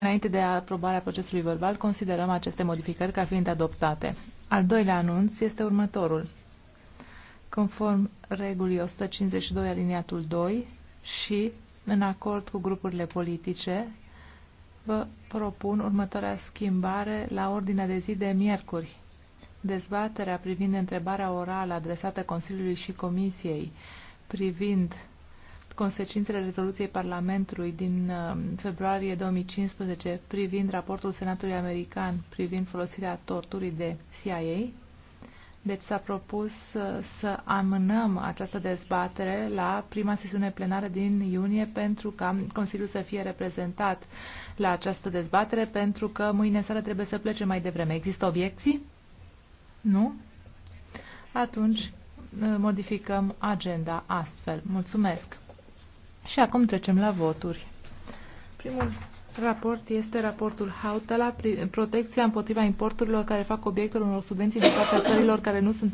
Înainte de aprobarea procesului verbal, considerăm aceste modificări ca fiind adoptate. Al doilea anunț este următorul. Conform regulii 152 aliniatul 2 și în acord cu grupurile politice, vă propun următoarea schimbare la ordinea de zi de miercuri. Dezbaterea privind întrebarea orală adresată Consiliului și Comisiei privind consecințele rezoluției Parlamentului din um, februarie 2015 privind raportul Senatului American privind folosirea torturii de CIA. Deci s-a propus uh, să amânăm această dezbatere la prima sesiune plenară din iunie pentru ca Consiliul să fie reprezentat la această dezbatere pentru că mâine seara trebuie să plece mai devreme. Există obiecții? Nu? Atunci uh, modificăm agenda astfel. Mulțumesc! Și acum trecem la voturi. Primul raport este raportul Hautala, protecția împotriva importurilor care fac obiectul unor subvenții din partea țărilor care nu sunt